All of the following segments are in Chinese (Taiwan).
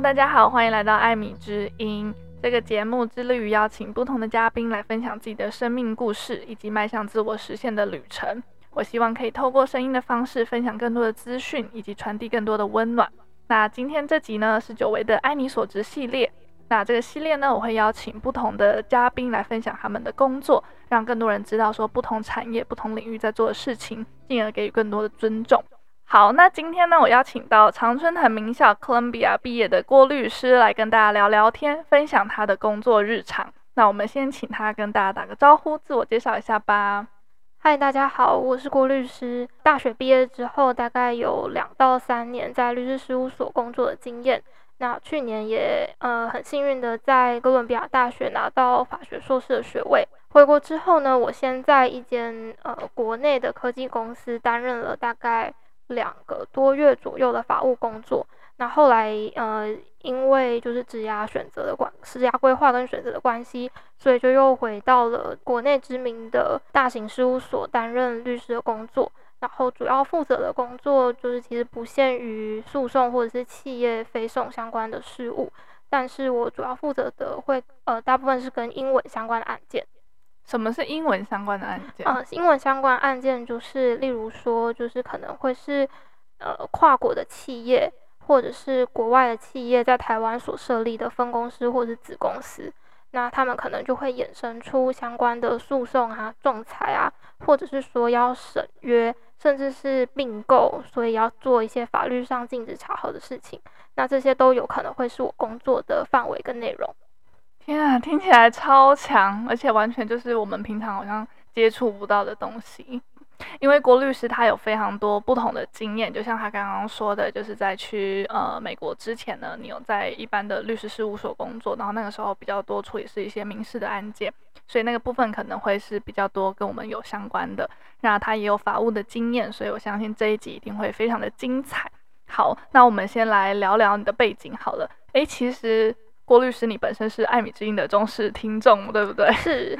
大家好，歡迎來到艾米之音。這個節目致力於邀請不同的嘉賓來分享自己的生命故事以及邁向自我實現的旅程。我希望可以透過聲音的方式分享更多的資訊，以及傳遞更多的溫暖。那今天這集呢是久違的“艾你所職”系列。那這個系列呢，我會邀請不同的嘉賓來分享他們的工作，讓更多人知道說不同產業、不同領域在做的事情，進而給予更多的尊重。好，那今天呢，我邀請到常春藤名校哥倫比亞畢業的郭律師來跟大家聊聊天，分享他的工作日常。那我們先請他跟大家打個招呼，自我介紹一下吧。嗨，大家好，我是郭律師。大學畢業之後，大概有兩到三年在律師事務所工作的經驗。那去年也呃很幸運的在哥倫比亞大學拿到法學碩士的學位。回國之後呢，我先在一間呃國內的科技公司擔任了大概。兩個多月左右的法務工作，那後來呃，因為就是職涯選擇的關，職涯規劃跟選擇的關係，所以就又回到了國內知名的大型事務所擔任律師的工作。然後主要負責的工作就是其實不限於訴訟或者是企業非訟相關的事務，但是我主要負責的會呃，大部分是跟英文相關的案件。什麼是英文相關的案件？啊、嗯，英文相關案件就是，例如說，就是可能會是，呃，跨國的企業或者是國外的企業在台灣所設立的分公司或者子公司，那他們可能就會衍生出相關的訴訟啊、仲裁啊，或者是說要審約，甚至是併購，所以要做一些法律上盡職查核的事情。那這些都有可能會是我工作的範圍跟內容。天啊，聽起來超強，而且完全就是我們平常好像接觸不到的東西。因為郭律師他有非常多不同的經驗，就像他剛剛說的，就是在去呃美國之前呢，你有在一般的律師事務所工作，然後那個時候比較多處理是一些民事的案件，所以那個部分可能會是比較多跟我們有相關的。那他也有法務的經驗，所以我相信這一集一定會非常的精彩。好，那我們先來聊聊你的背景好了。哎，其實。郭律師，你本身是《艾米之音》的忠實聽眾，對不對？是，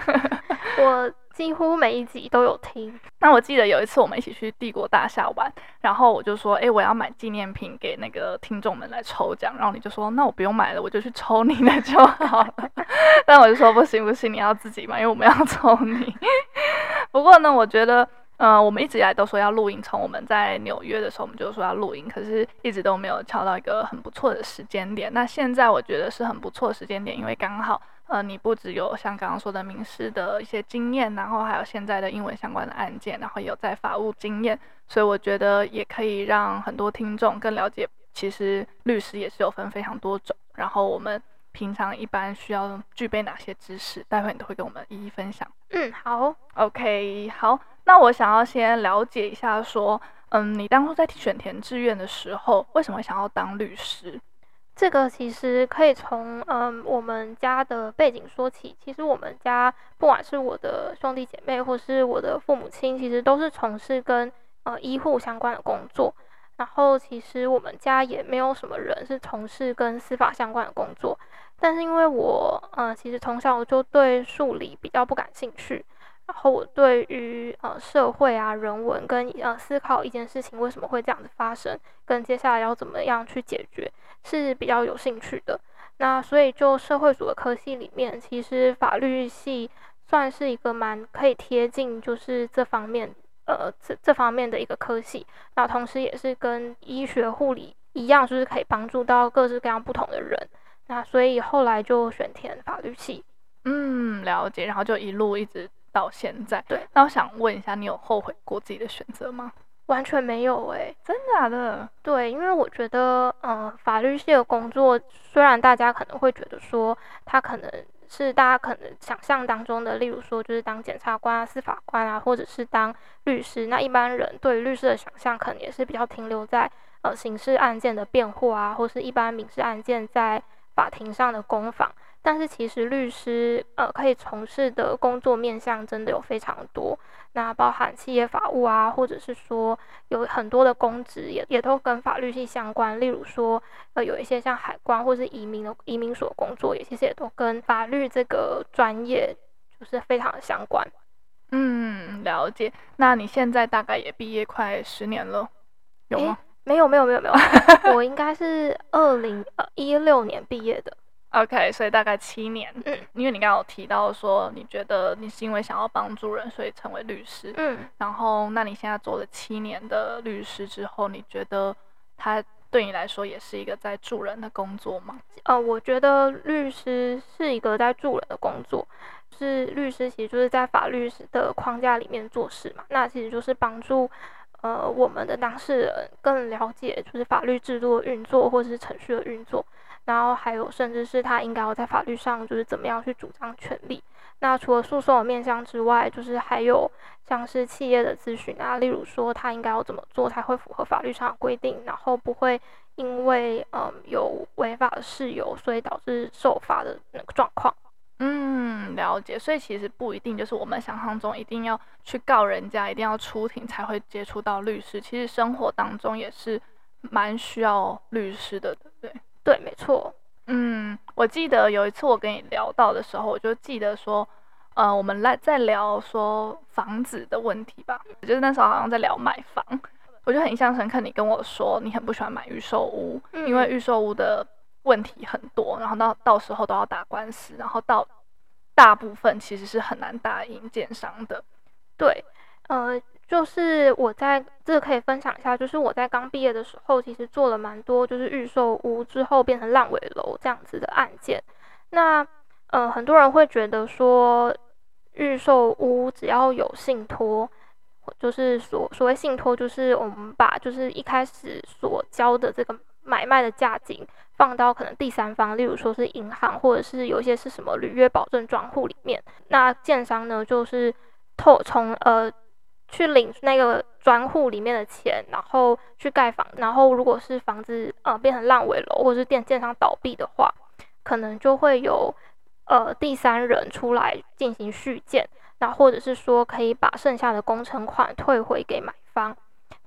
我幾乎每一集都有聽。 那我記得有一次我們一起去帝國大廈玩，然後我就說：“哎、欸，我要買紀念品給那個聽眾們來抽獎。”然後你就說：“那我不用買了，我就去抽你的就好了。 ” 但我就說：“不行不行，你要自己買，因為我們要抽你。 ”不過呢，我覺得。呃，我們一直以來都說要錄音，從我們在紐約的時候，我們就說要錄音，可是一直都沒有敲到一個很不錯的時間點。那現在我覺得是很不錯的時間點，因為剛好，呃，你不只有像剛剛說的民事的一些經驗，然後還有現在的英文相關的案件，然後也有在法務經驗，所以我覺得也可以讓很多聽眾更了解，其實律師也是有分非常多種，然後我們平常一般需要具備哪些知識，待會你都會跟我們一一分享。嗯，好，OK，好。那我想要先了解一下，說，嗯，你當初在選填志願的時候，為什麼會想要當律師？這個其實可以從，嗯，我們家的背景說起。其實我們家不管是我的兄弟姐妹，或是我的父母親，其實都是從事跟呃醫護相關的工作。然後，其實我們家也沒有什麼人是從事跟司法相關的工作。但是因為我，呃，其實從小就對數理比較不感興趣。然後我對於呃社會啊、人文跟呃思考一件事情為什麼會這樣子發生，跟接下來要怎麼樣去解決是比較有興趣的。那所以就社會組的科系裡面，其實法律系算是一個蠻可以貼近就是這方面呃這這方面的一個科系。那同時也是跟醫學護理一樣，就是可以幫助到各式各樣不同的人。那所以後來就選填法律系。嗯，了解。然後就一路一直。到現在，對。那我想問一下，你有後悔過自己的選擇嗎？完全沒有哎、欸，真的假的？啊。對，因為我覺得，嗯、呃，法律系的工作，雖然大家可能會覺得說，他可能是大家可能想象當中的，例如說就是當檢察官啊、司法官啊，或者是當律師。那一般人對律師的想象，可能也是比較停留在呃刑事案件的辯護啊，或是一般民事案件在法庭上的攻防。但是其實律師呃可以從事的工作面向真的有非常多，那包含企業法務啊，或者是說有很多的公職也，也都跟法律系相關，例如說呃有一些像海關或是移民的移民所工作也，也其實也都跟法律這個專業就是非常的相關。嗯，了解。那你現在大概也畢業快十年了？有嗎？沒有沒有沒有沒有，沒有沒有 我應該是二零一六年畢業的。OK，所以大概七年。嗯，因為你剛剛有提到說，你覺得你是因為想要幫助人，所以成為律師。嗯，然後，那你現在做了七年的律師之後，你覺得他對你來說也是一個在助人的工作嗎？呃，我覺得律師是一個在助人的工作，就是律師其實就是在法律的框架裡面做事嘛。那其實就是幫助呃我們的當事人更了解，就是法律制度的運作或者是程序的運作。然後還有，甚至是他應該要在法律上就是怎麼樣去主張權利。那除了訴訟的面向之外，就是還有像是企業的諮詢啊，例如說他應該要怎麼做才會符合法律上的規定，然後不會因為嗯有違法的事由，所以導致受罰的那個狀況。嗯，了解。所以其實不一定就是我們想象中一定要去告人家，一定要出庭才會接觸到律師。其實生活當中也是蠻需要律師的，對。對，沒錯。嗯，我記得有一次我跟你聊到的時候，我就記得說，呃，我們來在聊說房子的問題吧，就是那時候好像在聊買房，我就很印象深刻你跟我說，你很不喜歡買預售屋，嗯、因為預售屋的問題很多，然後到到時候都要打官司，然後到大部分其實是很難打贏建商的。對，呃、嗯。就是我在這個，可以分享一下，就是我在剛畢業的時候，其實做了蠻多就是預售屋之後變成爛尾樓這樣子的案件。那呃，很多人會覺得說預售屋只要有信托，就是所所謂信托，就是我們把就是一開始所交的這個買賣的價金放到可能第三方，例如說是銀行或者是有一些是什麼履約保證賬戶裡面。那建商呢，就是透從呃。去領那個專戶裡面的錢，然後去蓋房。然後，如果是房子呃變成爛尾樓，或者是電建商倒閉的話，可能就會有呃第三人出來進行續建，那或者是說可以把剩下的工程款退回給買方。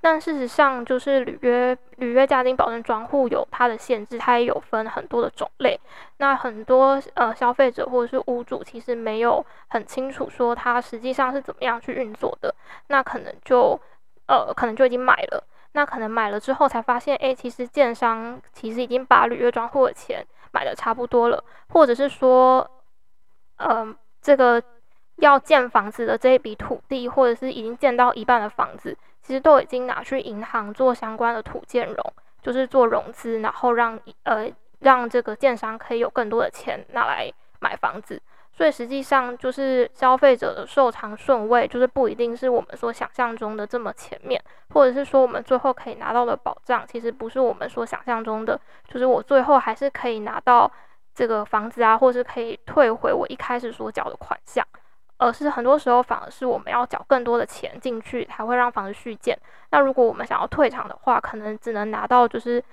但事實上，就是履約履約價金保證專戶有它的限制，它也有分很多的種類。那很多呃消費者或者是屋主，其實沒有很清楚說它實際上是怎麼樣去運作的。那可能就呃可能就已經買了，那可能買了之後才發現，哎，其實建商其實已經把履約專戶的錢買的差不多了，或者是說，呃，這個要建房子的這一筆土地，或者是已經建到一半的房子。其實都已經拿去銀行做相關的土建融，就是做融資，然後讓呃讓這個建商可以有更多的錢拿來買房子。所以實際上就是消費者的受償順位就是不一定是我們所想象中的這麼前面，或者是說我們最後可以拿到的保障其實不是我們所想象中的，就是我最後還是可以拿到這個房子啊，或是可以退回我一開始所繳的款項。而、呃、是很多時候，反而是我們要繳更多的錢進去，才會讓房子續建。那如果我們想要退場的話，可能只能拿到就是，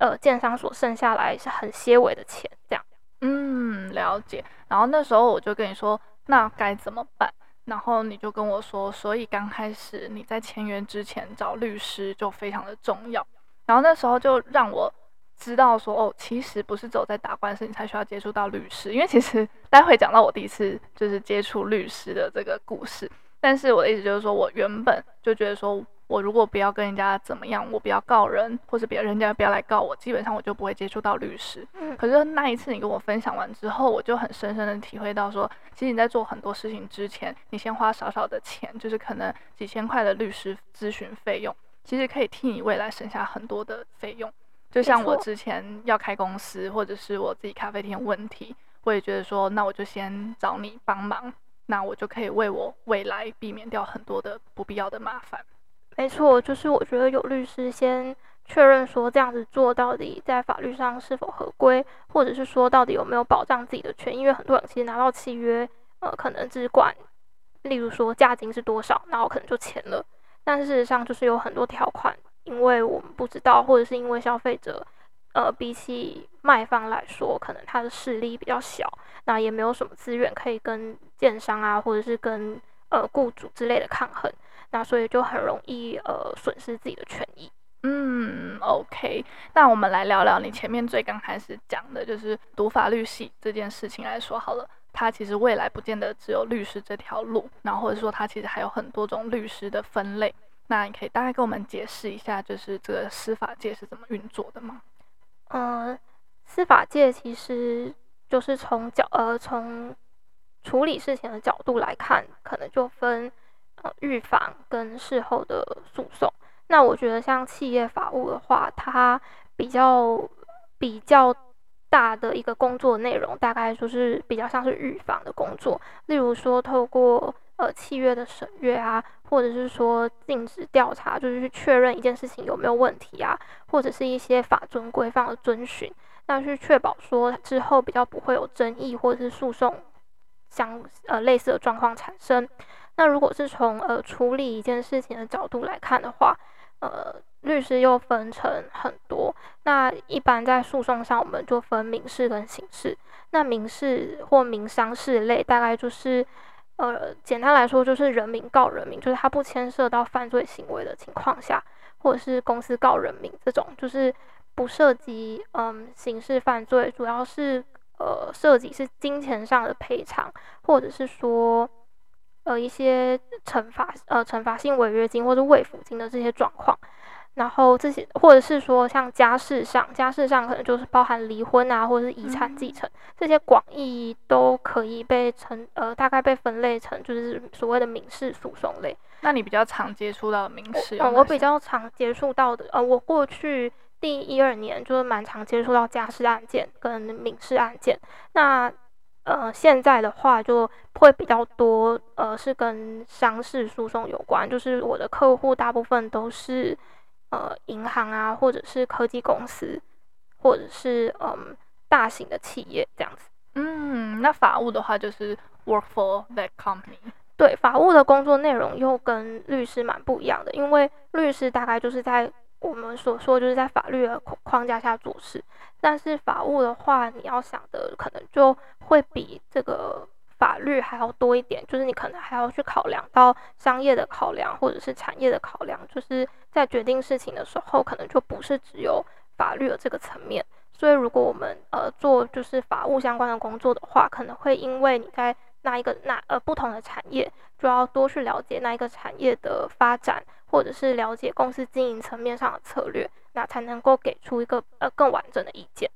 呃，建商所剩下來是很些微的錢這樣。嗯，了解。然後那時候我就跟你說，那該怎麼辦？然後你就跟我說，所以剛開始你在簽約之前找律師就非常的重要。然後那時候就讓我。知道說哦，其實不是只有在打官司你才需要接觸到律師，因為其實待會講到我第一次就是接觸律師的這個故事。但是我的意思就是說，我原本就覺得說，我如果不要跟人家怎麼樣，我不要告人，或者別人家不要來告我，基本上我就不會接觸到律師。嗯。可是那一次你跟我分享完之後，我就很深深的體會到說，其實你在做很多事情之前，你先花少少的錢，就是可能幾千塊的律師諮詢費用，其實可以替你未來省下很多的費用。就像我之前要開公司，或者是我自己咖啡店問題，我也覺得說，那我就先找你幫忙，那我就可以為我未來避免掉很多的不必要的麻煩。沒錯，就是我覺得有律師先確認說這樣子做到底在法律上是否合規，或者是說到底有沒有保障自己的權益，因為很多人其實拿到契約，呃，可能只管，例如說價金是多少，那我可能就簽了，但事實上就是有很多條款。因為我們不知道，或者是因為消費者，呃，比起賣方來說，可能他的勢力比較小，那也沒有什麼資源可以跟建商啊，或者是跟呃雇主之類的抗衡，那所以就很容易呃損失自己的權益。嗯，OK，那我們來聊聊你前面最剛開始講的就是讀法律系這件事情來說好了。他其實未來不見得只有律師這條路，然後或者說他其實還有很多種律師的分類。那你可以大概給我們解釋一下，就是這個司法界是怎麼運作的嗎？嗯，司法界其實就是從角呃，從處理事情的角度來看，可能就分呃，預防跟事後的訴訟。那我覺得像企業法務的話，它比較比較大的一個工作內容，大概就是比較像是預防的工作，例如說透過，呃，契約的審閱啊，或者是說盡職調查，就是去確認一件事情有沒有問題啊，或者是一些法遵規範的遵循，那去確保說之後比較不會有爭議或者是訴訟相呃類似的狀況產生。那如果是從呃處理一件事情的角度來看的話，呃，律師又分成很多。那一般在訴訟上，我們就分民事跟刑事。那民事或民商事類，大概就是。呃，簡單來說就是人民告人民，就是他不牽涉到犯罪行為的情況下，或者是公司告人民這種，就是不涉及嗯刑事犯罪，主要是呃涉及是金錢上的賠償，或者是說呃一些懲罰呃懲罰性違約金或者慰撫金的這些狀況。然後這些，或者是說像家事上，家事上可能就是包含離婚啊，或者是遺產繼承、嗯、這些，廣義都可以被稱呃，大概被分類成就是所謂的民事訴訟類。那你比較常接觸到的民事？嗯，我比較常接觸到的，呃，我過去第一二年就是蠻常接觸到家事案件跟民事案件。那呃，現在的話就會比較多，呃，是跟商事訴訟有關，就是我的客戶大部分都是。呃，銀行啊，或者是科技公司，或者是嗯，大型的企業這樣子。嗯，那法務的話就是 work for that company。對，法務的工作內容又跟律師蠻不一樣的，因為律師大概就是在我們所說就是在法律的框架下做事，但是法務的話，你要想的可能就會比這個。法律還要多一點，就是你可能還要去考量到商業的考量或者是產業的考量，就是在決定事情的時候，可能就不是只有法律的這個層面。所以，如果我們呃做就是法務相關的工作的話，可能會因為你在那一個那呃不同的產業，就要多去了解那一個產業的發展，或者是了解公司經營層面上的策略，那才能夠給出一個呃更完整的意見。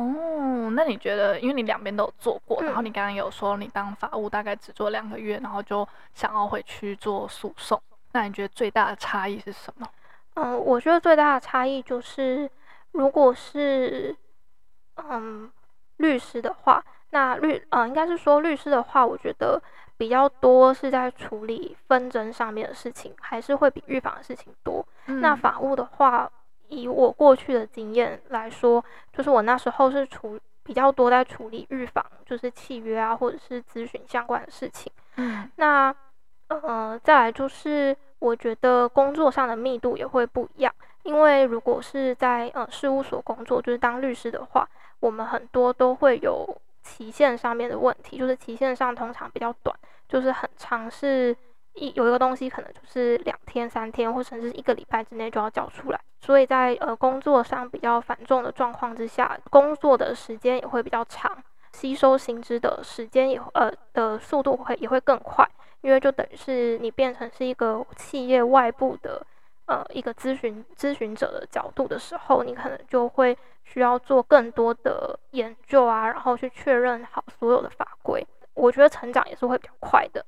哦，那你覺得，因為你兩邊都有做過、嗯，然後你剛剛有說你當法務大概只做兩個月，然後就想要回去做訴訟，那你覺得最大的差異是什麼？嗯，我覺得最大的差異就是，如果是嗯律師的話，那律嗯應該是說律師的話，我覺得比較多是在處理紛爭上面的事情，還是會比預防的事情多。嗯、那法務的話。以我過去的經驗來說，就是我那時候是處比較多在處理預防，就是契約啊，或者是諮詢相關的事情。嗯、那呃，再來就是我覺得工作上的密度也會不一樣，因為如果是在呃事務所工作，就是當律師的話，我們很多都會有期限上面的問題，就是期限上通常比較短，就是很長是。一有一個東西可能就是兩天、三天，或甚至一個禮拜之內就要交出來，所以在呃工作上比較繁重的狀況之下，工作的時間也會比較長，吸收新知的時間也呃的速度會也會更快，因為就等於是你變成是一個企業外部的呃一個諮詢諮詢者的角度的時候，你可能就會需要做更多的研究啊，然後去確認好所有的法規，我覺得成長也是會比較快的。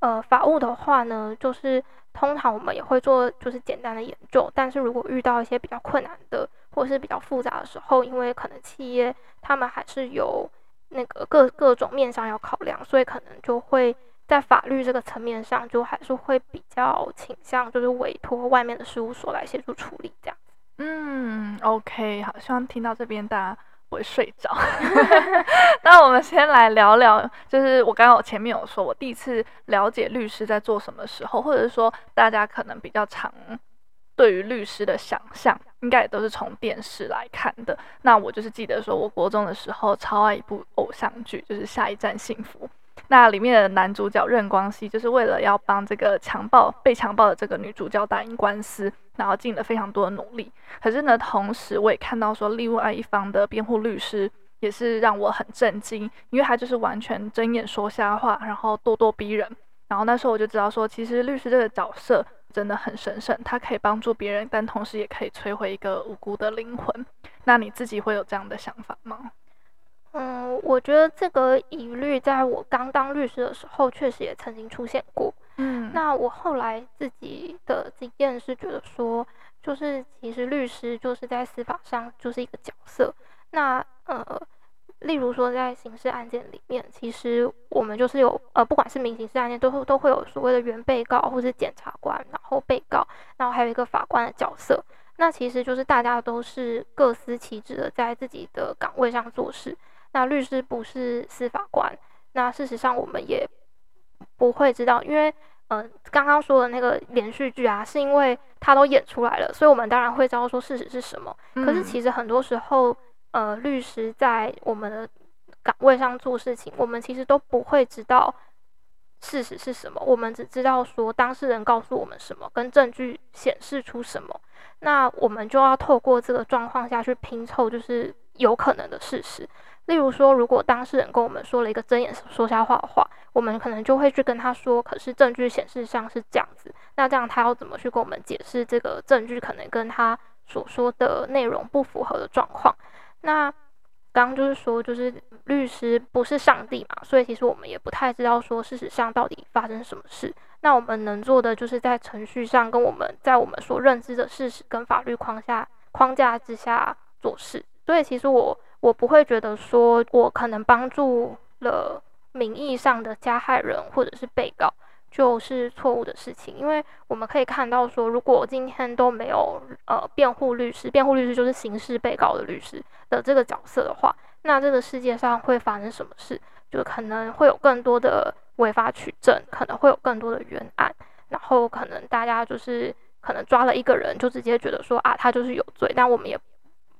呃，法務的話呢，就是通常我們也會做就是簡單的研究，但是如果遇到一些比較困難的或者是比較複雜的時候，因為可能企業他們還是有那個各各種面上要考量，所以可能就會在法律這個層面上就還是會比較傾向就是委託外面的事務所來協助處理這樣。嗯，OK，好，希望聽到這邊大家會睡着。 那我們先來聊聊，就是我剛剛前面有說，我第一次了解律師在做什麼時候，或者是說大家可能比較常對於律師的想象，應該也都是從電視來看的。那我就是記得說，我國中的時候超愛一部偶像劇，就是《下一站幸福》。那裡面的男主角任光熙，就是為了要幫這個強暴、被強暴的這個女主角打贏官司，然後盡了非常多的努力。可是呢，同時我也看到說，另外一方的辯護律師也是讓我很震驚，因為他就是完全睜眼說瞎話，然後咄咄逼人。然後那時候我就知道說，其實律師這個角色真的很神聖，他可以幫助別人，但同時也可以摧毀一個無辜的靈魂。那你自己會有這樣的想法嗎？嗯，我覺得這個疑慮在我剛當律師的時候，確實也曾經出現過。嗯，那我後來自己的經驗是覺得說，就是其實律師就是在司法上就是一個角色。那呃，例如說在刑事案件裡面，其實我們就是有呃，不管是民刑事案件，都會都會有所謂的原被告，或是檢察官，然後被告，然後還有一個法官的角色。那其實就是大家都是各司其職的，在自己的崗位上做事。那律師不是司法官，那事實上我們也不會知道，因為嗯，呃，剛剛說的那個連續劇啊，是因為他都演出來了，所以我們當然會知道說事實是什麼。可是其實很多時候，嗯，呃，律師在我們的崗位上做事情，我們其實都不會知道事實是什麼，我們只知道說當事人告訴我們什麼，跟證據顯示出什麼。那我們就要透過這個狀況下去拼湊，就是有可能的事實。例如說，如果當事人跟我們說了一個睜眼說瞎話的話，我們可能就會去跟他說：“可是證據顯示上是這樣子。”那這樣他要怎麼去跟我們解釋這個證據可能跟他所說的內容不符合的狀況？那剛剛就是說，就是律師不是上帝嘛，所以其實我們也不太知道說事實上到底發生什麼事。那我們能做的就是在程序上跟我們在我們所認知的事實跟法律框架框架之下做事。所以其實我。我不會覺得說，我可能幫助了名義上的加害人或者是被告，就是錯誤的事情。因為我們可以看到說，如果今天都沒有呃辯護律師，辯護律師就是刑事被告的律師的這個角色的話，那這個世界上會發生什麼事？就可能會有更多的違法取證，可能會有更多的冤案，然後可能大家就是可能抓了一個人，就直接覺得說啊，他就是有罪，但我們也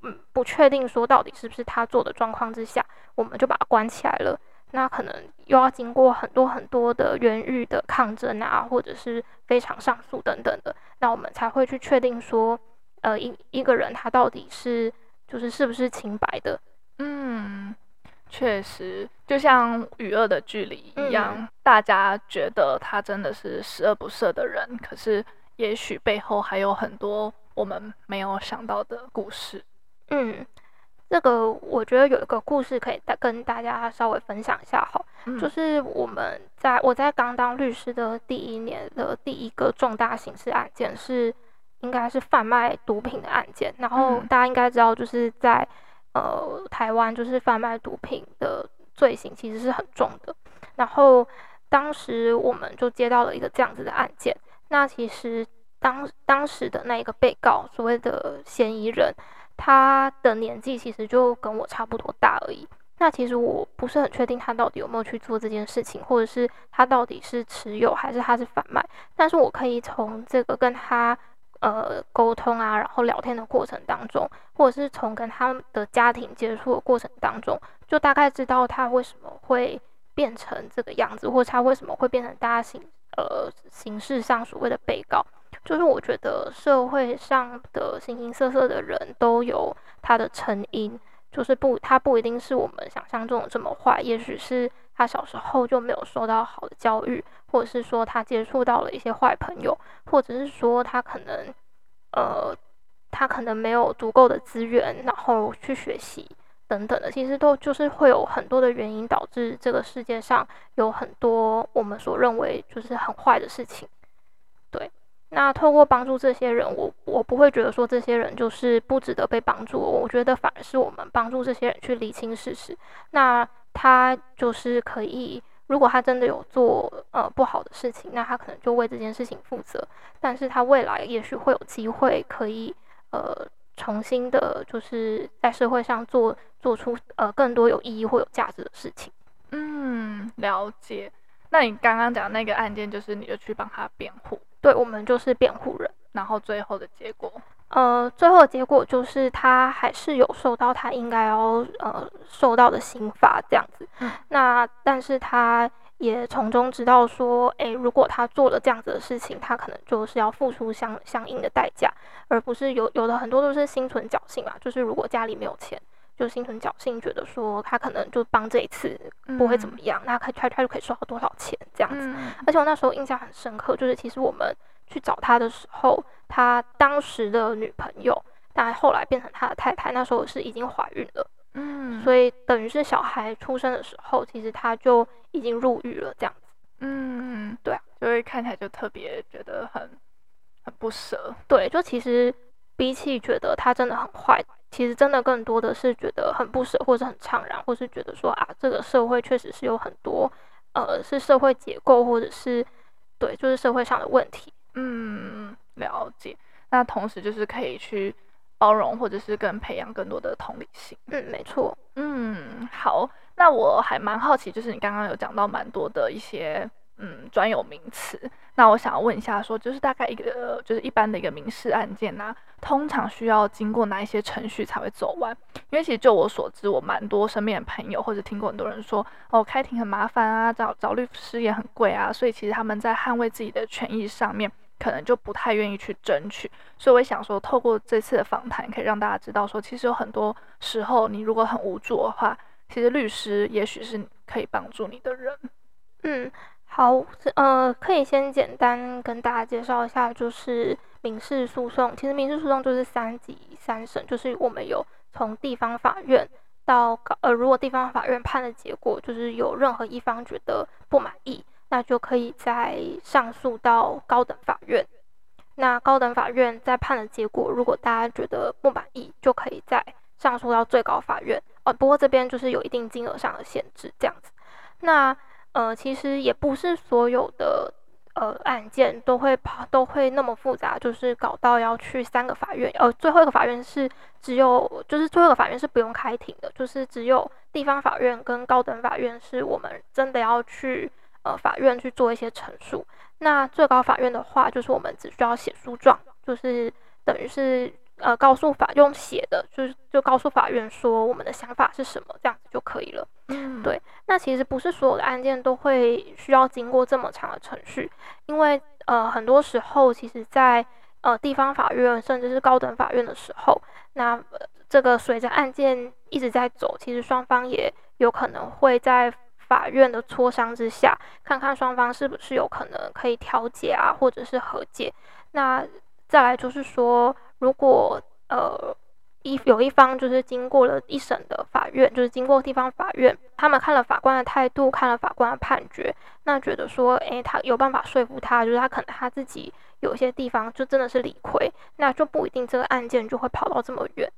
嗯、不確定，說到底是不是他做的狀況之下，我們就把它關起來了。那可能又要經過很多很多的冤獄的抗爭啊，或者是非常上訴等等的，那我們才會去確定說，呃，一一個人他到底是就是是不是清白的。嗯，確實，就像與惡的距離一樣、嗯，大家覺得他真的是十惡不赦的人，可是也許背後還有很多我們沒有想到的故事。嗯，這、那個我覺得有一個故事可以跟大家稍微分享一下哈、嗯，就是我們在我在剛當律師的第一年的第一個重大刑事案件是，應該是販賣毒品的案件。嗯、然後大家應該知道，就是在呃台灣，就是販賣毒品的罪行其實是很重的。然後當時我們就接到了一個這樣子的案件，那其實當當時的那一個被告所謂的嫌疑人，他的年紀其實就跟我差不多大而已。那其實我不是很確定他到底有沒有去做這件事情，或者是他到底是持有還是他是販賣？但是我可以從這個跟他呃溝通啊，然後聊天的過程當中，或者是從跟他的家庭接觸的過程當中，就大概知道他為什麼會變成這個樣子，或者他為什麼會變成大家形呃形式上所謂的被告。就是我覺得社會上的形形色色的人都有他的成因，就是不，他不一定是我們想象中的這麼壞。也許是他小時候就沒有受到好的教育，或者是說他接觸到了一些壞朋友，或者是說他可能，呃，他可能沒有足夠的資源，然後去學習等等的。其實都就是會有很多的原因導致這個世界上有很多我們所認為就是很壞的事情。那透過幫助這些人，我我不會覺得說，這些人就是不值得被幫助。我覺得反而是我們幫助這些人去理清事實。那他就是可以，如果他真的有做呃不好的事情，那他可能就為這件事情負責。但是他未來也許會有機會可以呃重新的，就是在社會上做做出呃更多有意義或有價值的事情。嗯，了解。那你剛剛講的那個案件，就是你就去幫他辯護。對，我們就是辯護人，然後最後的結果，呃，最後的結果就是他還是有受到他應該要呃受到的刑罰這樣子。嗯、那但是他也從中知道說，誒，如果他做了這樣子的事情，他可能就是要付出相相應的代價，而不是有有的很多都是心存僥倖嘛，就是如果家裡沒有錢。就心存僥倖，覺得說他可能就幫這一次不會怎麼樣，嗯、那可以開就可以收好多少錢這樣子，嗯。而且我那時候印象很深刻，就是其實我們去找他的時候，他當時的女朋友，但後來變成他的太太，那時候是已經懷孕了。嗯，所以等於是小孩出生的時候，其實他就已經入獄了這樣子。嗯，對啊，所以看起來就特別覺得很很不舍。對，就其實比起覺得他真的很壞。其實真的更多的是覺得很不舍，或者是很悵然，或是覺得說啊，這個社會確實是有很多，呃，是社會結構或者是對，就是社會上的問題。嗯，了解。那同時就是可以去包容，或者是跟培養更多的同理心。嗯，沒錯。嗯，好。那我還蠻好奇，就是你剛剛有講到蠻多的一些。嗯，專有名詞。那我想要問一下說，說就是大概一個，就是一般的一個民事案件啊，通常需要經過哪一些程序才會走完？因為其實就我所知，我蠻多身邊的朋友或者聽過很多人說，哦，開庭很麻煩啊，找找律師也很貴啊，所以其實他們在捍衛自己的權益上面，可能就不太願意去爭取。所以我也想說，透過這次的訪談，可以讓大家知道說，其實有很多時候，你如果很無助的話，其實律師也許是可以幫助你的人。嗯。好，呃，可以先簡單跟大家介紹一下，就是民事訴訟。其實民事訴訟就是三級三審，就是我們有從地方法院到高，呃，如果地方法院判的結果就是有任何一方覺得不滿意，那就可以再上訴到高等法院。那高等法院再判的結果，如果大家覺得不滿意，就可以再上訴到最高法院。哦，不過這邊就是有一定金額上的限制，這樣子。那呃，其實也不是所有的呃案件，都會跑，都會那麼複雜，就是搞到要去三個法院。呃，最後一個法院是只有，就是最後一個法院是不用開庭的，就是只有地方法院跟高等法院是我們真的要去呃法院去做一些陳述。那最高法院的話，就是我們只需要寫訴狀，就是等於是。呃，告訴法用寫的，就是就告訴法院說我們的想法是什麼，這樣子就可以了。嗯，對。那其實不是所有的案件都會需要經過這麼長的程序，因為呃，很多時候其實在，在呃地方法院甚至是高等法院的時候，那，呃，這個隨着案件一直在走，其實雙方也有可能會在法院的磋商之下，看看雙方是不是有可能可以調解啊，或者是和解。那再來就是說。如果呃一有一方就是經過了一審的法院，就是經過地方法院，他們看了法官的態度，看了法官的判決，那覺得說，誒，他有辦法說服他，就是他可能他自己有些地方就真的是理虧，那就不一定這個案件就會跑到這麼遠。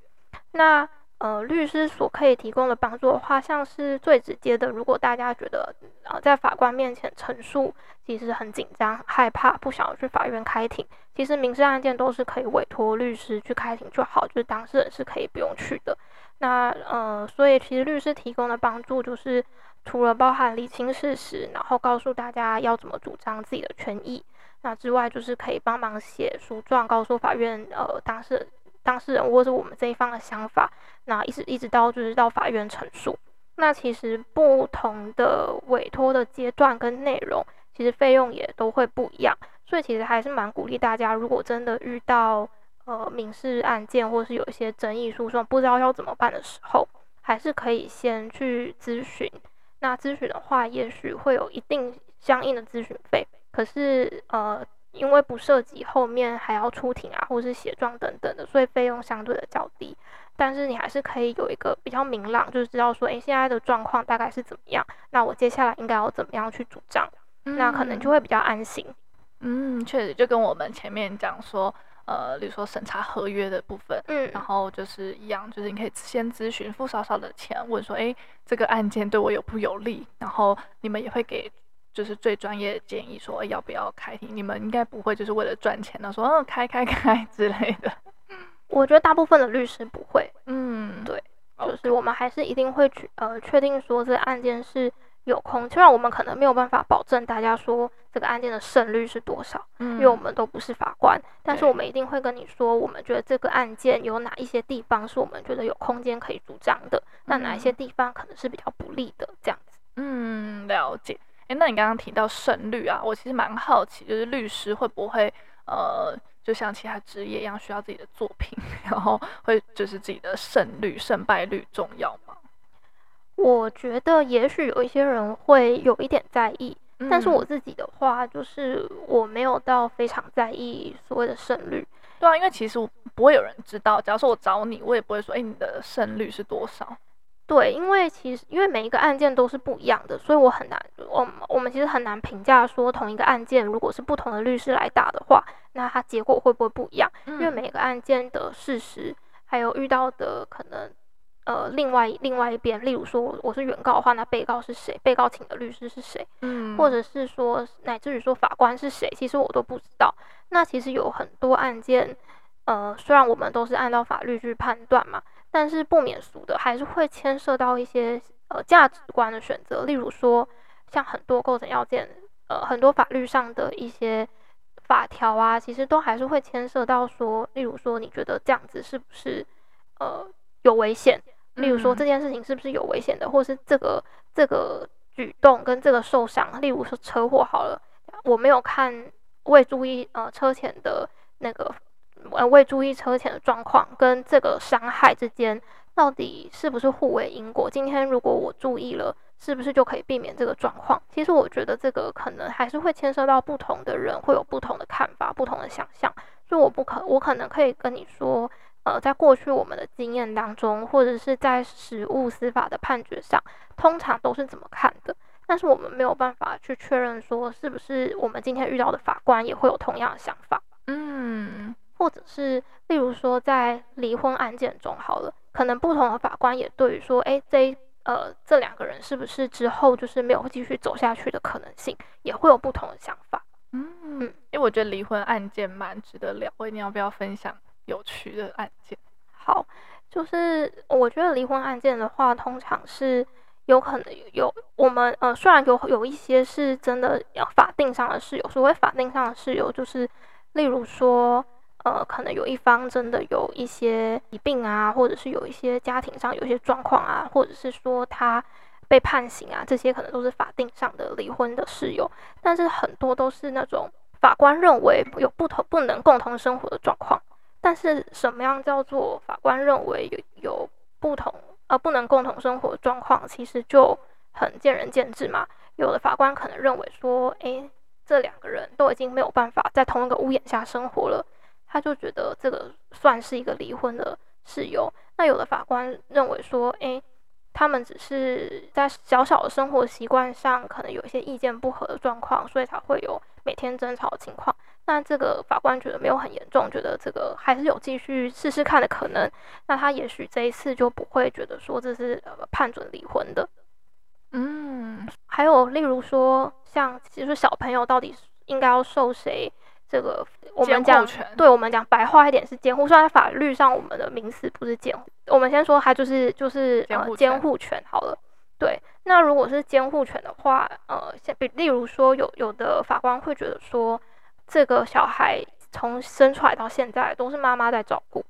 那呃，律師所可以提供的幫助的話，像是最直接的，如果大家覺得呃，在法官面前陳述其實很緊張、害怕，不想要去法院開庭，其實民事案件都是可以委托律師去開庭就好，就是當事人是可以不用去的。那呃，所以其實律師提供的幫助就是除了包含理清事實，然後告訴大家要怎麼主張自己的權益，那之外就是可以幫忙寫訴狀，告訴法院，呃，當事人。當事人或者我們這一方的想法，那一直一直到就是到法院陳述。那其實不同的委託的階段跟內容，其實費用也都會不一樣。所以其實還是蠻鼓勵大家，如果真的遇到呃民事案件或是有一些爭議訴訟，不知道要怎麼辦的時候，還是可以先去諮詢。那諮詢的話，也許會有一定相應的諮詢費。可是呃。因為不涉及後面還要出庭啊，或者是寫狀等等的，所以費用相對的較低。但是你還是可以有一個比較明朗，就是知道說，誒，現在的狀況大概是怎麼樣，那我接下來應該要怎麼樣去主張，嗯、那可能就會比較安心。嗯，確實，就跟我們前面講說，呃，比如說審查合約的部分，嗯，然後就是一樣，就是你可以先諮詢付少少的錢，問說，誒，這個案件對我有不有利，然後你們也會給。就是最專業的建議說、欸、要不要開庭，你們應該不會就是為了賺錢的、啊、說、哦、開開開之類的。我覺得大部分的律師不會，嗯，對，就是我們還是一定會去呃確定說這個案件是有空，雖然我們可能沒有辦法保證大家說這個案件的勝率是多少，嗯、因為我們都不是法官，但是我們一定會跟你說，我們覺得這個案件有哪一些地方是我們覺得有空間可以主張的，那、嗯、哪一些地方可能是比較不利的這樣子。嗯，了解。哎，那你剛剛提到勝率啊，我其實蠻好奇，就是律師會不會，呃，就像其他職業一樣，需要自己的作品，然後會就是自己的勝率、勝敗率重要嗎？我覺得也許有一些人會有一點在意，嗯，但是我自己的話，就是我沒有到非常在意所謂的勝率。對啊，因為其實不會有人知道，假如說我找你，我也不會說，誒，你的勝率是多少。對，因為其實因為每一個案件都是不一樣的，所以我很難，我我們其實很難評價說同一個案件，如果是不同的律師來打的話，那它結果會不會不一樣？嗯。因為每一個案件的事實，還有遇到的可能，呃，另外另外一邊，例如說我是原告的話，那被告是誰？被告請的律師是誰？嗯。或者是說乃至於說法官是誰？其實我都不知道。那其實有很多案件，呃，雖然我們都是按照法律去判斷嘛。但是不免俗的，還是會牽涉到一些呃價值觀的選擇，例如說像很多構成要件，呃很多法律上的一些法條啊，其實都還是會牽涉到說，例如說你覺得這樣子是不是呃有危險？例如說這件事情是不是有危險的，嗯、或是這個這個舉動跟這個受傷，例如說車禍好了，我沒有看未注意呃車前的那個。呃，未注意車前的狀況跟這個傷害之間，到底是不是互為因果？今天如果我注意了，是不是就可以避免這個狀況？其實我覺得這個可能還是會牽涉到不同的人會有不同的看法、不同的想象。就我不可，我可能可以跟你說，呃，在過去我們的經驗當中，或者是在實務司法的判決上，通常都是怎麼看的。但是我們沒有辦法去確認說，是不是我們今天遇到的法官也會有同樣的想法？嗯。或者是，例如說，在離婚案件中，好了，可能不同的法官也對於說，誒這呃，這兩個人是不是之後就是沒有繼續走下去的可能性，也會有不同的想法。嗯，因為我覺得離婚案件蠻值得聊，誒你要不要分享有趣的案件？好，就是我覺得離婚案件的話，通常是有可能有我們呃，雖然有有一些是真的要法定上的事，有所謂法定上的事由，就是例如說。呃，可能有一方真的有一些疾病啊，或者是有一些家庭上有一些狀況啊，或者是說他被判刑啊，這些可能都是法定上的離婚的事由。但是很多都是那種法官認為有不同不能共同生活的狀況。但是什麼樣叫做法官認為有有不同啊，呃，不能共同生活的狀況，其實就很見仁見智嘛。有的法官可能認為說，哎，這兩個人都已經沒有辦法在同一個屋檐下生活了。他就覺得這個算是一個離婚的事由。那有的法官認為說，誒、欸，他們只是在小小的生活習慣上可能有一些意見不合的狀況，所以才會有每天爭吵的情況。那這個法官覺得沒有很嚴重，覺得這個還是有繼續試試看的可能。那他也許這一次就不會覺得說，這是判准離婚的。嗯，還有例如說，像其實小朋友到底應該要受誰？這個我們講，對，我們講白話一點是監護。雖然法律上我們的名詞不是監護，我們先說它，就是就是呃監護權好了。對，那如果是監護權的話，呃，像比例如說有有的法官會覺得說，這個小孩從生出來到現在都是媽媽在照顧，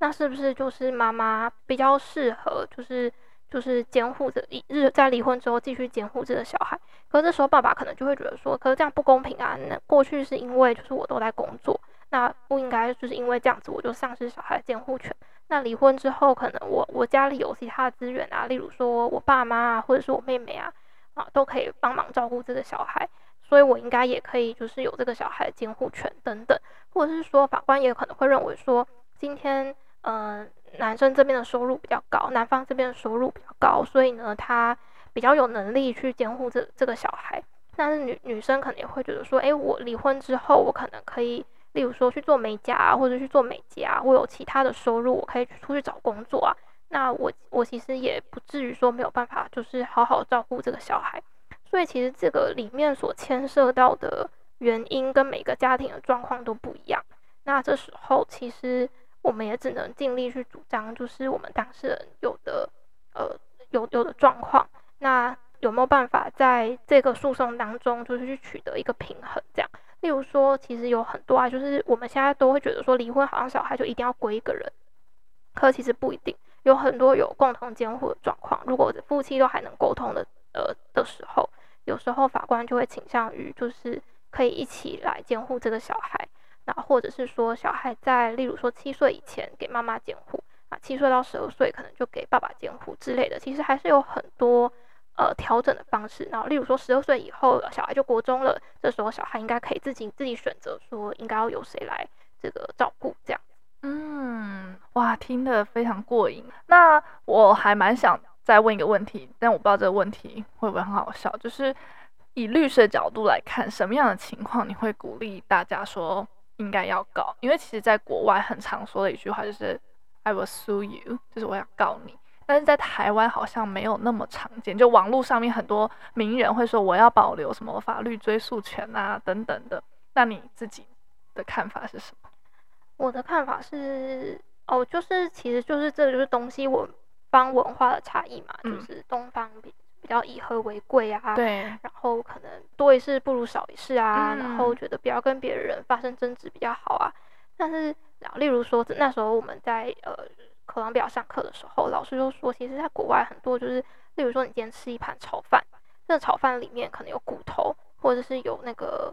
那是不是就是媽媽比較適合？就是。就是監護着一日在離婚之後繼續監護這個小孩，可這時候爸爸可能就會覺得說，可是這樣不公平啊！那過去是因為就是我都在工作，那不應該就是因為這樣子我就喪失小孩監護權。那離婚之後，可能我我家裡有其他的資源啊，例如說我爸媽啊，或者是我妹妹啊啊，都可以幫忙照顧這個小孩，所以我應該也可以就是有這個小孩監護權等等，或者是說法官也可能會認為說，今天嗯。呃男生這邊的收入比較高，男方這邊的收入比較高，所以呢，他比較有能力去監護這這個小孩。但是女女生可能也會覺得說，誒，我離婚之後，我可能可以，例如說去做美甲啊，或者去做美睫啊，我有其他的收入，我可以出去找工作啊。那我我其實也不至於說沒有辦法，就是好好照顧這個小孩。所以其實這個裡面所牽涉到的原因，跟每個家庭的狀況都不一樣。那這時候其實。我們也只能盡力去主張，就是我們當事人有的，呃，有有的狀況，那有沒有辦法在這個訴訟當中，就是去取得一個平衡？這樣，例如說，其實有很多啊，就是我們現在都會覺得說，離婚好像小孩就一定要歸一個人，可其實不一定，有很多有共同監護的狀況，如果夫妻都還能溝通的，呃，的時候，有時候法官就會傾向於就是可以一起來監護這個小孩。那或者是說，小孩在例如說七歲以前給媽媽監護，啊，七歲到十二歲可能就給爸爸監護之類的，其實還是有很多呃調整的方式。然後例如說，十二歲以後小孩就國中了，這時候小孩應該可以自己自己選擇說應該要由誰來這個照顧這樣。嗯，哇，聽得非常過癮。那我還蠻想再問一個問題，但我不知道這個問題會不會很好笑，就是以律師的角度來看，什麼樣的情況你會鼓勵大家說？應該要告，因為其實，在國外很常說的一句話就是 “I will sue you”，就是我要告你。但是在台灣好像沒有那麼常見，就網絡上面很多名人會說我要保留什麼法律追訴權啊等等的。那你自己的看法是什麼？我的看法是，哦，就是其實就是這就是東西方文，文化的差異嘛，嗯，就是東方比。比較以和為貴啊，對。然後可能多一事不如少一事啊、嗯，然後覺得不要跟別人發生爭執比較好啊。但是，例如說那時候我們在呃課堂表上課的時候，老師就說，其實，在國外很多就是，例如說你今天吃一盤炒飯，這個炒飯裡面可能有骨頭，或者是有那個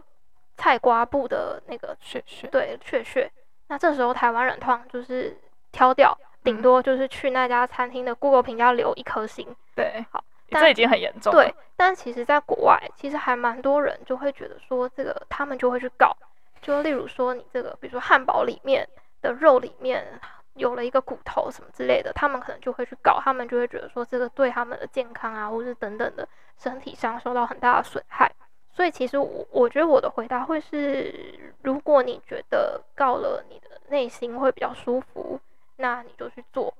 菜瓜布的那個血血，血，對血血。那這時候台灣人通常就是挑掉，頂多就是去那家餐廳的 Google 評價留一顆星。對，好。這已經很嚴重。對，但其實，在國外，其實還蠻多人就會覺得說，這個他們就會去告，就例如說，你這個，比如說漢堡裡面的肉裡面有了一個骨頭什麼之類的，他們可能就會去告，他們就會覺得說，這個對他們的健康啊，或者是等等的，身體上受到很大的損害。所以，其實我我覺得我的回答會是：如果你覺得告了你的內心會比較舒服，那你就去做。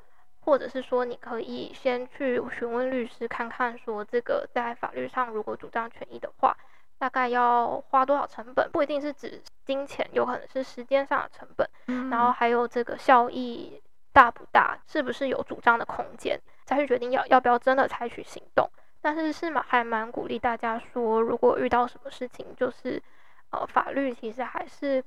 或者是說，你可以先去詢問律師，看看說，這個在法律上如果主張權益的話，大概要花多少成本？不一定是指金錢，有可能是時間上的成本。嗯。然後還有這個效益大不大，是不是有主張的空間，再去決定要要不要真的採取行動。但是是嘛？還蠻鼓勵大家說，如果遇到什麼事情，就是呃，法律其實還是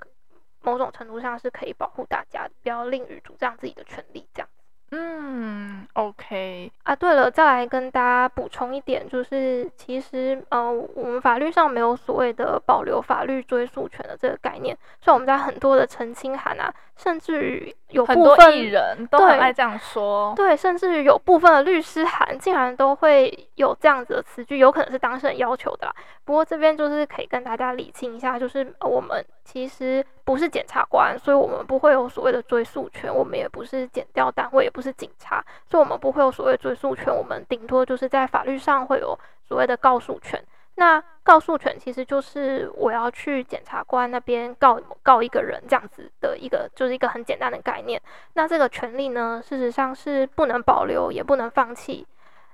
某種程度上是可以保護大家的，不要吝於主張自己的權利，這樣。嗯，OK。啊，對了，再來跟大家補充一點，就是其實呃，我們法律上沒有所謂的保留法律追訴權的這個概念，所以我們家很多的澄清函啊。甚至於有部分很多藝人都很愛這樣說，對，對，甚至於有部分的律師函竟然都會有這樣子的詞句，有可能是當事人要求的啦。不過這邊就是可以跟大家理清一下，就是我們其實不是檢察官，所以我們不會有所謂的追訴權，我們也不是檢調單位，也不是警察，所以我們不會有所謂的追訴權，我們頂多就是在法律上會有所謂的告訴權。那告訴權其實就是我要去檢察官那邊告告一個人這樣子的一個就是一個很簡單的概念。那這個權利呢，事實上是不能保留也不能放棄。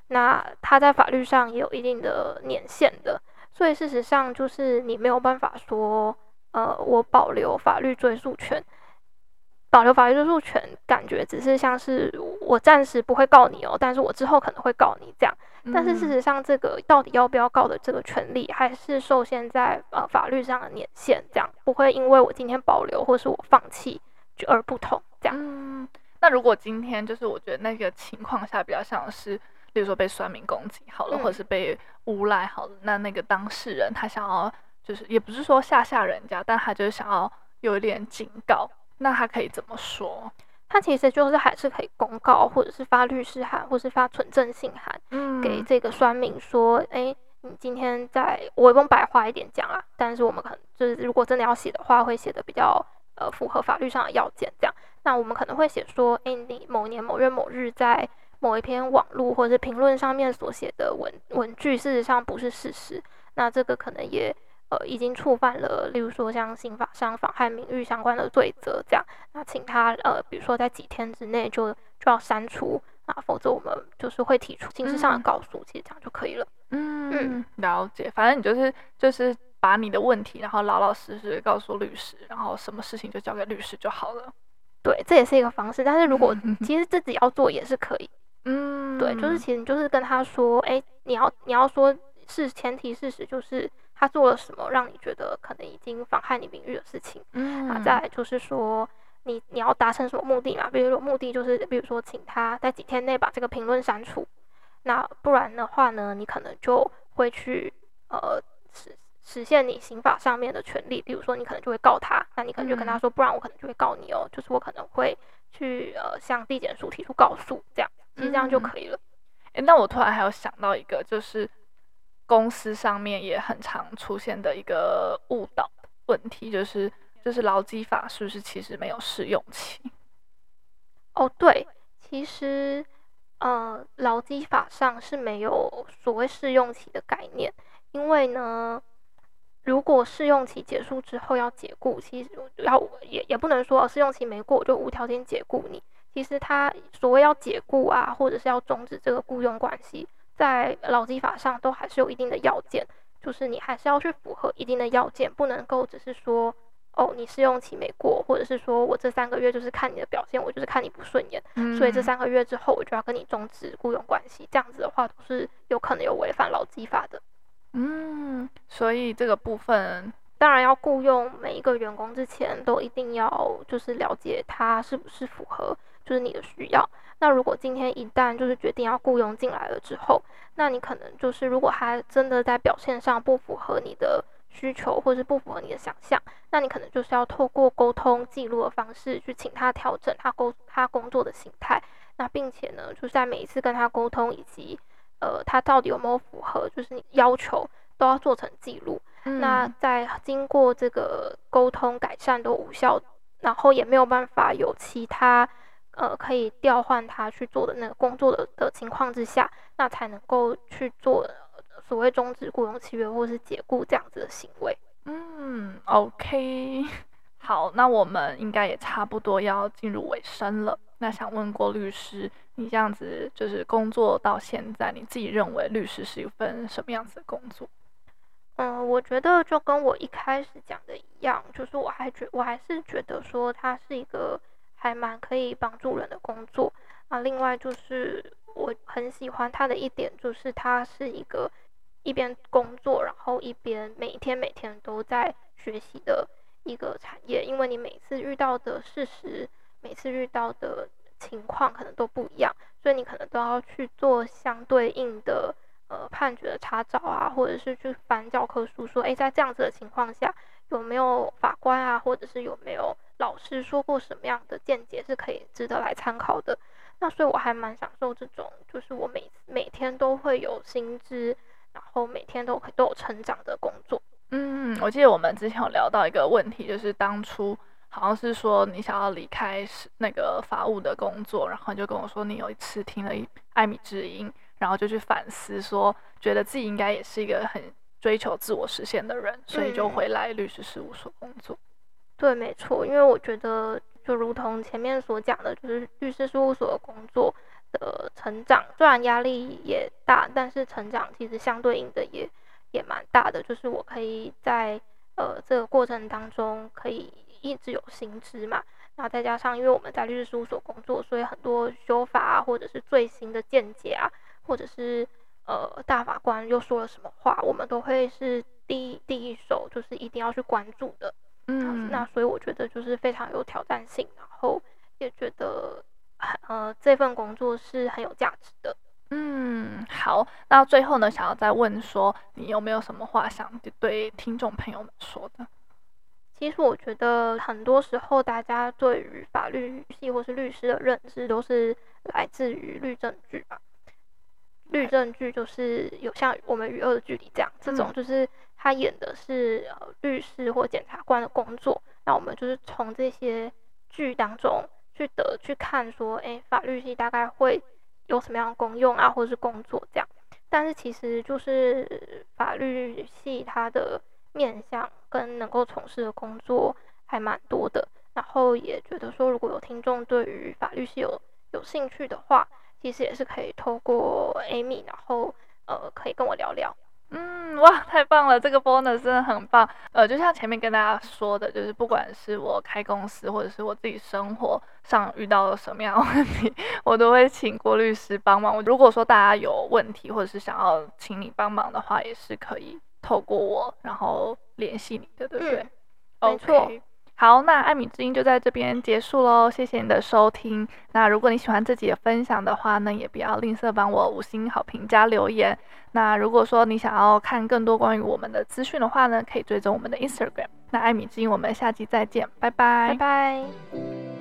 那它在法律上也有一定的年限的，所以事實上就是你沒有辦法說，呃，我保留法律追訴權，保留法律追訴權，感覺只是像是我暫時不會告你哦，但是我之後可能會告你這樣。但是事實上，這個到底要不要告的這個權利，還是受限在呃法律上的年限，這樣，不會因為我今天保留或是我放棄就而不同這樣。嗯，那如果今天就是我覺得那個情況下比較像是，比如說被酸民攻擊好了、嗯，或者是被誣賴好了，那那個當事人他想要就是也不是說嚇嚇人家，但他就是想要有一點警告，那他可以怎麼說？他其實就是還是可以公告，或者是發律師函，或者是發存證信函，給這個酸民說，哎、嗯，你今天在，我也不用白話一點講啊，但是我們可能就是如果真的要寫的話，會寫的比較呃符合法律上的要件這樣。那我們可能會寫說，哎，你某年某月某日，在某一篇網絡或者是評論上面所寫的文文句，事實上不是事實。那這個可能也。呃，已經觸犯了，例如說像刑法上妨害名譽相關的罪責這樣，那請他呃，比如說在幾天之內就就要刪除，啊，否則我們就是會提出刑事上的告訴。嗯，其實這樣就可以了。嗯，嗯了解。反正你就是就是把你的問題，然後老老實實告訴律師，然後什麼事情就交給律師就好了。對，這也是一個方式。但是如果其實自己要做也是可以。嗯，對，就是其實你就是跟他說，誒，你要你要說是前提事實就是。他做了什麼讓你覺得可能已經妨害你名譽的事情？嗯，啊，再來就是說，你你要達成什麼目的嘛？比如說目的就是，比如說請他在幾天內把這個評論刪除，那不然的話呢，你可能就會去呃實實現你刑法上面的權利，比如說你可能就會告他，那你可能就跟他說、嗯，不然我可能就會告你哦，就是我可能會去呃向地檢署提出告訴，這樣，其實這樣就可以了。誒、嗯，欸，那我突然還有想到一個，就是。公司上面也很常出現的一個誤導問題，就是，就是就是勞基法是不是其實沒有試用期？哦，對，其實呃勞基法上是沒有所謂試用期的概念，因為呢，如果試用期結束之後要解僱，其實要也也不能說試用期沒過就無條件解僱你，其實他所謂要解僱啊，或者是要終止這個僱傭關係。在勞基法上都還是有一定的要件，就是你還是要去符合一定的要件，不能夠只是說哦，你試用期沒過，或者是說我這三個月就是看你的表現，我就是看你不順眼，嗯，所以這三個月之後我就要跟你終止僱傭關係，這樣子的話都是有可能有違反勞基法的。嗯，所以這個部分當然要僱傭每一個員工之前都一定要就是了解他是不是符合就是你的需要。那如果今天一旦就是決定要僱傭進來了之後，那你可能就是如果他真的在表現上不符合你的需求，或者是不符合你的想象，那你可能就是要透過溝通記錄的方式去請他調整他溝他工作的形態。那並且呢，就是在每一次跟他溝通以及呃他到底有沒有符合就是你要求，都要做成記錄。嗯、那在經過這個溝通改善都無效，然後也沒有辦法有其他。呃，可以調換他去做的那個工作的的情況之下，那才能夠去做所謂終止僱傭契約或者是解僱這樣子的行為。嗯，OK，好，那我們應該也差不多要進入尾聲了。那想問郭律師，你這樣子就是工作到現在，你自己認為律師是一份什麼樣子的工作？嗯，我覺得就跟我一開始講的一樣，就是我還覺我還是覺得說他是一個。還蠻可以幫助人的工作啊。那另外就是我很喜歡他的一點，就是他是一個一邊工作，然後一邊每天每天都在學習的一個產業。因為你每次遇到的事實，每次遇到的情況可能都不一樣，所以你可能都要去做相對應的呃判決的查找啊，或者是去翻教科書說，說哎，在這樣子的情況下有沒有法官啊，或者是有沒有。老師說過什麼樣的見解是可以值得來參考的？那所以我還蠻享受這種，就是我每每天都會有新知，然後每天都都有成長的工作。嗯，我記得我們之前有聊到一個問題，就是當初好像是說你想要離開是那個法務的工作，然後你就跟我說你有一次聽了《艾米之音》，然後就去反思，說覺得自己應該也是一個很追求自我實現的人，所以就回來律師事務所工作。嗯對，沒錯，因為我覺得，就如同前面所講的，就是律師事務所的工作的成長，雖然壓力也大，但是成長其實相對應的也也蠻大的。就是我可以在呃這個過程當中，可以一直有新知嘛。然後再加上，因為我們在律師事務所工作，所以很多修法啊，或者是最新的見解啊，或者是呃大法官又說了什麼話，我們都會是第一第一手，就是一定要去關注的。嗯，那所以我覺得就是非常有挑戰性，然後也覺得很呃，這份工作是很有價值的。嗯，好，那最後呢，想要再問說你有沒有什麼話想對聽眾朋友們說的？其實我覺得很多時候大家對於法律系或是律師的認知都是來自於律政劇吧。律政劇就是有像我們《與惡的距離》這樣，這種就是他演的是律師或檢察官的工作。那我們就是從這些劇當中去得去看說，說誒，法律系大概會有什麼樣的功用啊，或者是工作這樣。但是其實就是法律系它的面向跟能夠從事的工作還蠻多的。然後也覺得說，如果有聽眾對於法律系有有興趣的話。其實也是可以透過 Amy，然後呃，可以跟我聊聊。嗯，哇，太棒了，這個 bonus 真的很棒。呃，就像前面跟大家說的，就是不管是我開公司或者是我自己生活上遇到了什麼樣的問題，我都會請郭律師幫忙。如果說大家有問題或者是想要請你幫忙的話，也是可以透過我然後聯繫你的，對不對？嗯 okay、沒錯。好，那艾米之音就在這邊結束嘍，謝謝你的收聽。那如果你喜歡這集的分享的話呢，也不要吝嗇幫我五星好評加留言。那如果說你想要看更多關於我們的資訊的話呢，可以追蹤我們的 Instagram。那艾米之音，我們下期再見，拜拜拜拜。